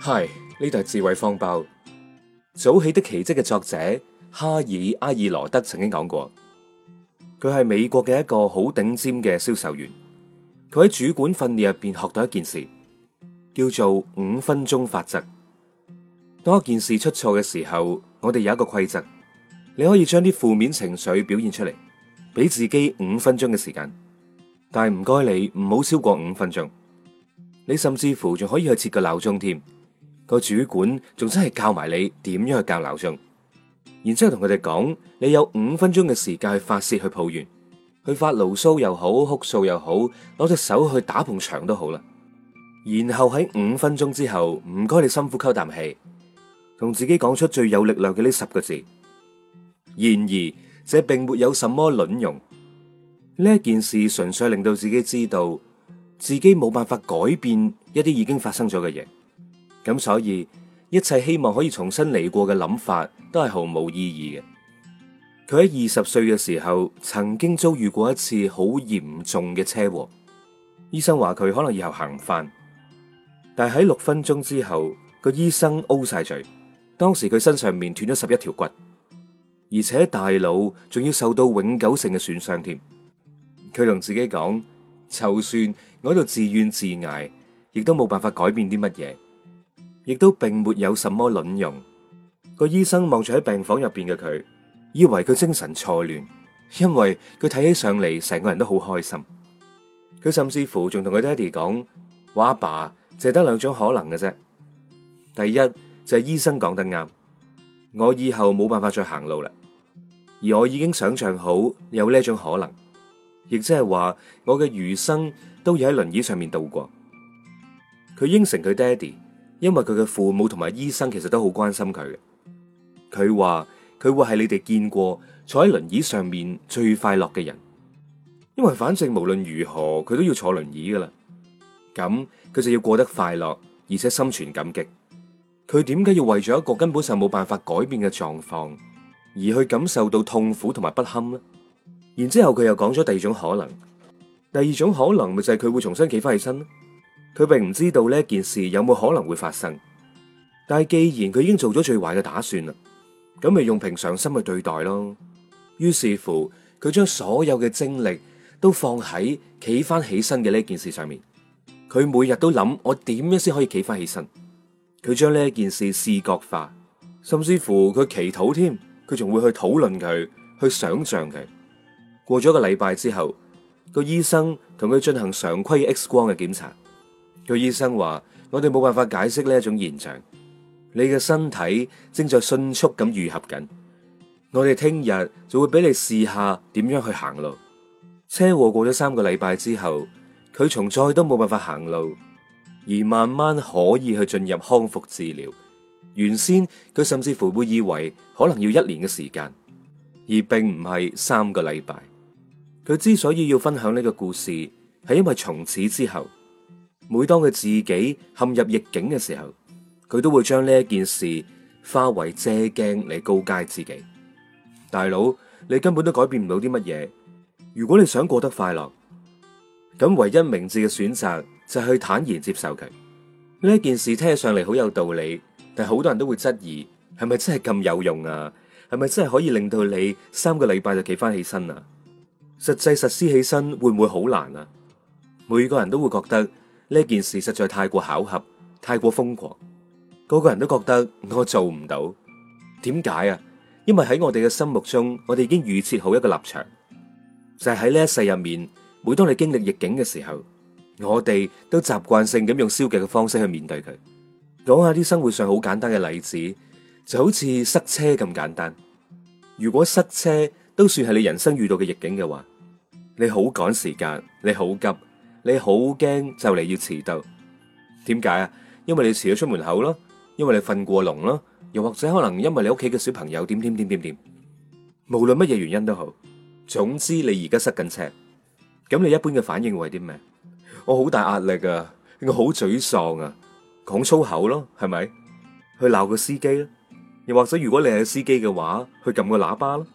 係呢度係智慧方包。早起的奇跡嘅作者哈爾阿爾羅德曾經講過，佢係美國嘅一個好頂尖嘅銷售員。佢喺主管訓練入邊學到一件事，叫做五分鐘法則。當一件事出錯嘅時候，我哋有一個規則，你可以將啲負面情緒表現出嚟，俾自己五分鐘嘅時間，但係唔該你唔好超過五分鐘。你甚至乎仲可以去設個鬧鐘添。個主管仲真係教埋你點樣去教鬧鐘，然之後同佢哋講：你有五分鐘嘅時間去發泄、去抱怨、去發牢騷又好、哭訴又好，攞隻手去打埲牆都好啦。然後喺五分鐘之後，唔該你深呼吸啖氣，同自己講出最有力量嘅呢十個字。然而，這並沒有什麼卵用。呢一件事純粹令到自己知道自己冇辦法改變一啲已經發生咗嘅嘢。咁所以一切希望可以重新嚟過嘅諗法都係毫無意義嘅。佢喺二十歲嘅時候曾經遭遇過一次好嚴重嘅車禍，醫生話佢可能以後行唔返。但係喺六分鐘之後，個醫生 O 晒嘴。當時佢身上面斷咗十一條骨，而且大腦仲要受到永久性嘅損傷添。佢同自己講：「就算我喺度自怨自艾，亦都冇辦法改變啲乜嘢。亦都並沒有什麼卵用。個醫生望住喺病房入邊嘅佢，以為佢精神錯亂，因為佢睇起上嚟成個人都好開心。佢甚至乎仲同佢爹哋講：我阿爸淨係得兩種可能嘅啫。第一就係、是、醫生講得啱，我以後冇辦法再行路啦。而我已經想象好有呢一種可能，亦即係話我嘅餘生都要喺輪椅上面度過。佢應承佢爹哋。因為佢嘅父母同埋醫生其實都好關心佢嘅。佢話佢會係你哋見過坐喺輪椅上面最快樂嘅人，因為反正無論如何佢都要坐輪椅噶啦，咁佢就要過得快樂而且心存感激。佢點解要為咗一個根本上冇辦法改變嘅狀況而去感受到痛苦同埋不堪呢？然之後佢又講咗第二種可能，第二種可能咪就係佢會重新企翻起身。佢並唔知道呢一件事有冇可能會發生，但係既然佢已經做咗最壞嘅打算啦，咁咪用平常心去對待咯。於是乎，佢將所有嘅精力都放喺企翻起身嘅呢件事上面。佢每日都諗我點樣先可以企翻起身。佢將呢一件事視覺化，甚至乎佢祈禱添。佢仲會去討論佢，去想象佢。過咗個禮拜之後，個醫生同佢進行常規 X 光嘅檢查。佢醫生話：我哋冇辦法解釋呢一種現象。你嘅身體正在迅速咁愈合緊。我哋聽日就會俾你試下點樣去行路。車禍過咗三個禮拜之後，佢從再都冇辦法行路，而慢慢可以去進入康復治療。原先佢甚至乎會以為可能要一年嘅時間，而並唔係三個禮拜。佢之所以要分享呢個故事，係因為從此之後。每當佢自己陷入逆境嘅時候，佢都會將呢一件事化為借鏡嚟告誡自己。大佬，你根本都改變唔到啲乜嘢。如果你想過得快樂，咁唯一明智嘅選擇就係去坦然接受佢。呢一件事聽起上嚟好有道理，但好多人都會質疑，係咪真係咁有用啊？係咪真係可以令到你三個禮拜就企翻起身啊？實際實施起身會唔會好難啊？每個人都會覺得。呢件事實在太過巧合，太過瘋狂，個個人都覺得我做唔到。點解啊？因為喺我哋嘅心目中，我哋已經預設好一個立場，就係喺呢一世入面，每當你經歷逆境嘅時候，我哋都習慣性咁用消極嘅方式去面對佢。講下啲生活上好簡單嘅例子，就好似塞車咁簡單。如果塞車都算係你人生遇到嘅逆境嘅話，你好趕時間，你好急。你好驚就嚟要遲到，點解啊？因為你遲咗出門口咯，因為你瞓過籠咯，又或者可能因為你屋企嘅小朋友點點點點點，無論乜嘢原因都好，總之你而家塞緊車，咁你一般嘅反應會係啲咩？我好大壓力啊，我好沮喪啊，講粗口咯，係咪？去鬧個司機咯，又或者如果你係司機嘅話，去撳個喇叭啦。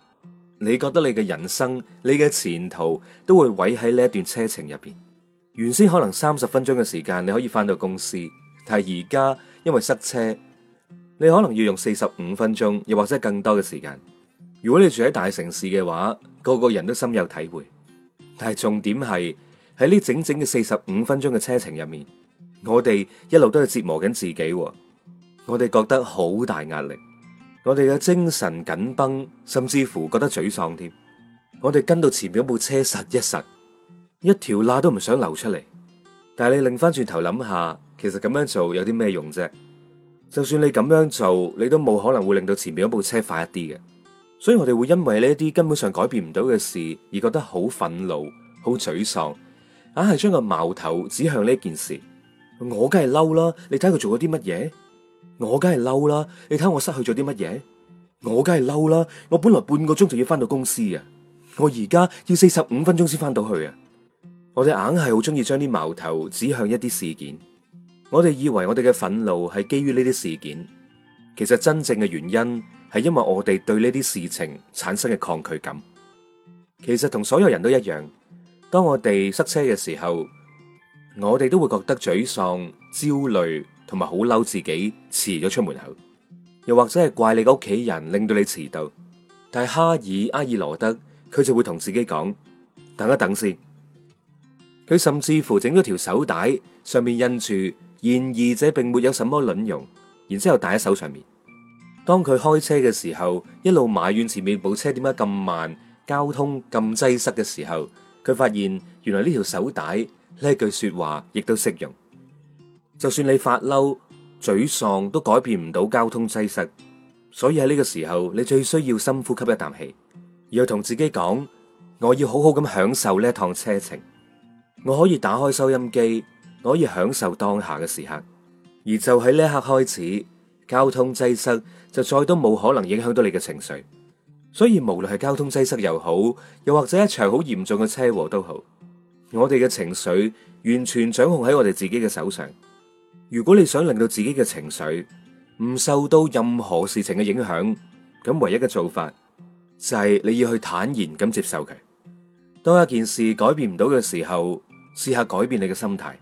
你覺得你嘅人生、你嘅前途都會毀喺呢一段車程入邊。原先可能三十分鐘嘅時間你可以翻到公司，但係而家因為塞車，你可能要用四十五分鐘，又或者更多嘅時間。如果你住喺大城市嘅話，個個人都深有體會。但係重點係喺呢整整嘅四十五分鐘嘅車程入面，我哋一路都係折磨緊自己，我哋覺得好大壓力，我哋嘅精神緊繃繃，甚至乎覺得沮喪添。我哋跟到前面部車，實一實。一條罅都唔想流出嚟，但係你擰翻轉頭諗下，其實咁樣做有啲咩用啫？就算你咁樣做，你都冇可能會令到前面嗰部車快一啲嘅。所以我哋會因為呢一啲根本上改變唔到嘅事而覺得好憤怒、好沮喪，硬係將個矛頭指向呢件事。我梗係嬲啦，你睇佢做咗啲乜嘢？我梗係嬲啦，你睇我失去咗啲乜嘢？我梗係嬲啦，我本來半個鐘就要翻到公司呀，我而家要四十五分鐘先翻到去啊！我哋硬係好中意將啲矛頭指向一啲事件，我哋以為我哋嘅憤怒係基於呢啲事件，其實真正嘅原因係因為我哋對呢啲事情產生嘅抗拒感。其實同所有人都一樣，當我哋塞車嘅時候，我哋都會覺得沮喪、焦慮同埋好嬲自己遲咗出門口，又或者係怪你個屋企人令到你遲到。但係哈爾·阿爾羅德佢就會同自己講：等一等先。佢甚至乎整咗條手帶，上面印住，然而這並沒有什麼卵用。然之後戴喺手上面，當佢開車嘅時候，一路埋怨前面部車點解咁慢，交通咁擠塞嘅時候，佢發現原來呢條手帶呢句說話亦都適用。就算你發嬲、沮喪，都改變唔到交通擠塞，所以喺呢個時候，你最需要深呼吸一啖氣，然後同自己講，我要好好咁享受呢一趟車程。我可以打開收音機，我可以享受當下嘅時刻，而就喺呢一刻開始，交通擠塞就再都冇可能影響到你嘅情緒。所以無論係交通擠塞又好，又或者一場好嚴重嘅車禍都好，我哋嘅情緒完全掌控喺我哋自己嘅手上。如果你想令到自己嘅情緒唔受到任何事情嘅影響，咁唯一嘅做法就係你要去坦然咁接受佢。當一件事改變唔到嘅時候，試下改變你嘅心態，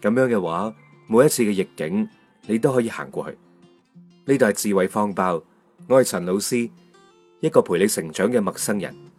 咁樣嘅話，每一次嘅逆境你都可以行過去。呢度係智慧方包，我係陳老師，一個陪你成長嘅陌生人。